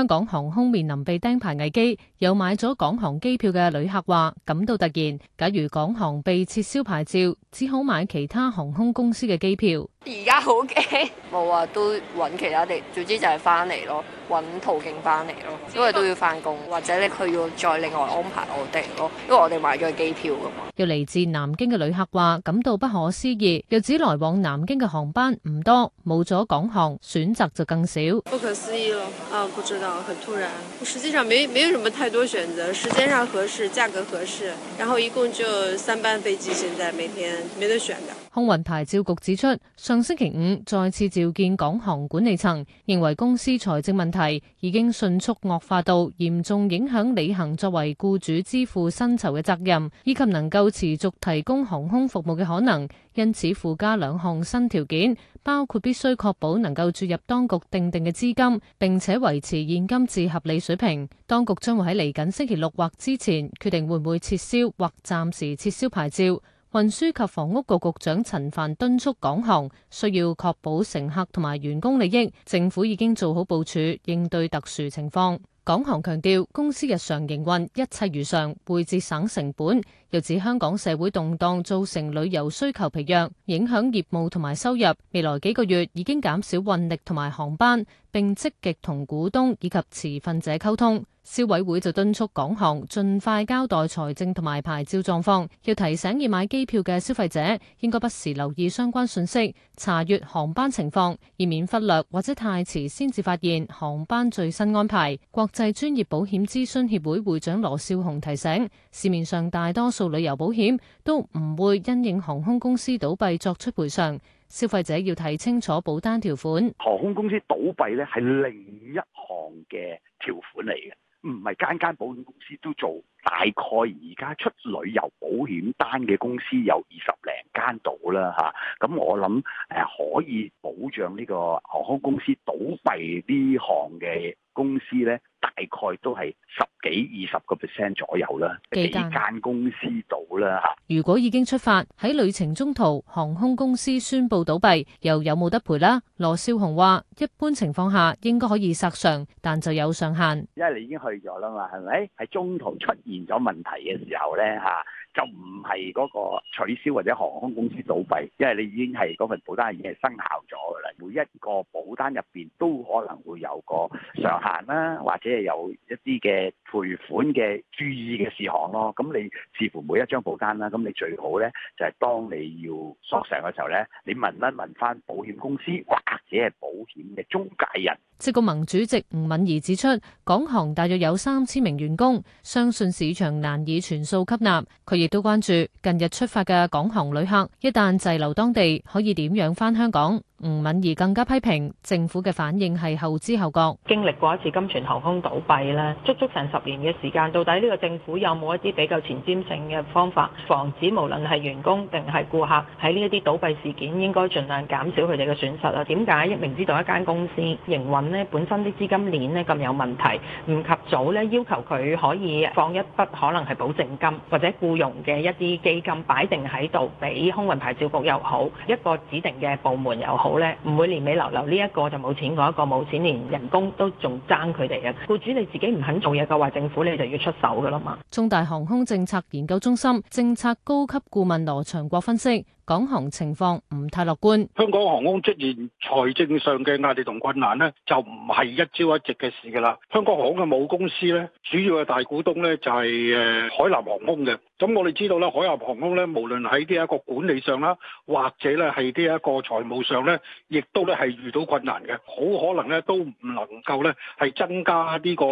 香港航空面臨被釘牌危機，有買咗港航機票嘅旅客話感到突然，假如港航被撤銷牌照，只好買其他航空公司嘅機票。而家好驚，冇啊，都揾其他地，總之就係翻嚟咯，揾途徑翻嚟咯，因為都要翻工，或者咧佢要再另外安排我哋咯，因為我哋買咗機票噶嘛。又嚟自南京嘅旅客話感到不可思議，又指來往南京嘅航班唔多，冇咗港航，選擇就更少。不可思議咯，啊，不知道，很突然。實際上沒沒有什麼太多選擇，時間上合適，價格合適，然後一共就三班飛機，現在每天沒得選嘅。空運牌照局指出，上星期五再次召見港航管理層，認為公司財政問題已經迅速惡化到嚴重影響履行作為僱主支付薪酬嘅責任，以及能夠持續提供航空服務嘅可能。因此，附加兩項新條件，包括必須確保能夠注入當局訂定嘅資金，並且維持現金至合理水平。當局將會喺嚟緊星期六或之前決定會唔會撤銷或暫時撤銷牌照。運輸及房屋局局長陳帆敦促港航需要確保乘客同埋員工利益，政府已經做好部署應對特殊情況。港航強調公司日常營運一切如常，會節省成本。又指香港社會動盪造成旅遊需求疲弱，影響業務同埋收入。未來幾個月已經減少運力同埋航班，並積極同股東以及持份者溝通。消委會就敦促港航盡快交代財政同埋牌照狀況，要提醒已買機票嘅消費者應該不時留意相關信息，查閱航班情況，以免忽略或者太遲先至發現航班最新安排。國際專業保險諮詢協會會長羅少雄提醒，市面上大多數旅遊保險都唔會因應航空公司倒閉作出賠償，消費者要睇清楚保單條款。航空公司倒閉咧係另一項嘅條款嚟嘅。唔係間間保險公司都做，大概而家出旅遊保險單嘅公司有二十零間到啦嚇，咁我諗誒可以保障呢個航空公司倒閉呢項嘅公司咧。大概都係十幾二十個 percent 左右啦，幾間公司到啦嚇。如果已經出發喺旅程中途，航空公司宣布倒閉，又有冇得賠啦？羅少雄話：一般情況下應該可以索償，但就有上限，因為你已經去咗啦嘛，係咪？喺中途出現咗問題嘅時候咧嚇。就唔係嗰個取消或者航空公司倒閉，因為你已經係嗰份保單已經係生效咗㗎啦。每一個保單入邊都可能會有個上限啦，或者係有一啲嘅賠款嘅注意嘅事項咯。咁你視乎每一張保單啦。咁你最好咧就係當你要索償嘅時候咧，你問一問翻保險公司或者係保險嘅中介人。職工盟主席吳敏兒指出，港航大約有三千名員工，相信市場難以全數吸納。佢亦都關注近日出發嘅港航旅客，一旦滯留當地，可以點樣返香港？吳敏兒更加批評政府嘅反應係後知後覺。經歷過一次甘泉航空倒閉咧，足足成十年嘅時間，到底呢個政府有冇一啲比較前瞻性嘅方法，防止無論係員工定係顧客喺呢一啲倒閉事件，應該盡量減少佢哋嘅損失啊？點解明知道一間公司營運？本身啲資金鏈呢，咁有問題，唔及早呢要求佢可以放一筆可能係保證金或者僱傭嘅一啲基金擺定喺度，俾空運牌照局又好，一個指定嘅部門又好呢唔會年尾流流呢、這個、一個就冇錢，嗰一個冇錢，連人工都仲爭佢哋啊！僱主你自己唔肯做嘢嘅話政府你就要出手㗎喇嘛！中大航空政策研究中心政策高級顧問羅長國分析。港，況港航情況唔太樂觀，香港航空出現財政上嘅壓力同困難呢就唔係一朝一夕嘅事噶啦。香港航空嘅母公司呢，主要嘅大股東呢就係誒海南航空嘅。咁我哋知道咧，海航航空咧，無論喺呢一個管理上啦，或者咧係呢一個財務上咧，亦都咧係遇到困難嘅，好可能咧都唔能夠咧係增加呢個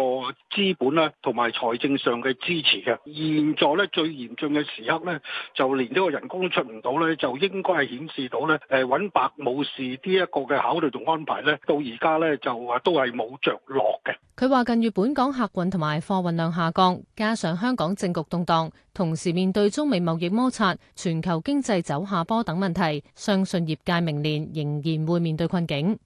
資本啦，同埋財政上嘅支持嘅。現在咧最嚴峻嘅時刻咧，就連呢個人工都出唔到咧，就應該係顯示到咧，誒搵白武士呢一個嘅考慮同安排咧，到而家咧就話都係冇着落嘅。佢話，近月本港客運同埋貨運量下降，加上香港政局動盪。同，同時面對中美貿易摩擦、全球經濟走下坡等問題，相信業界明年仍然會面對困境。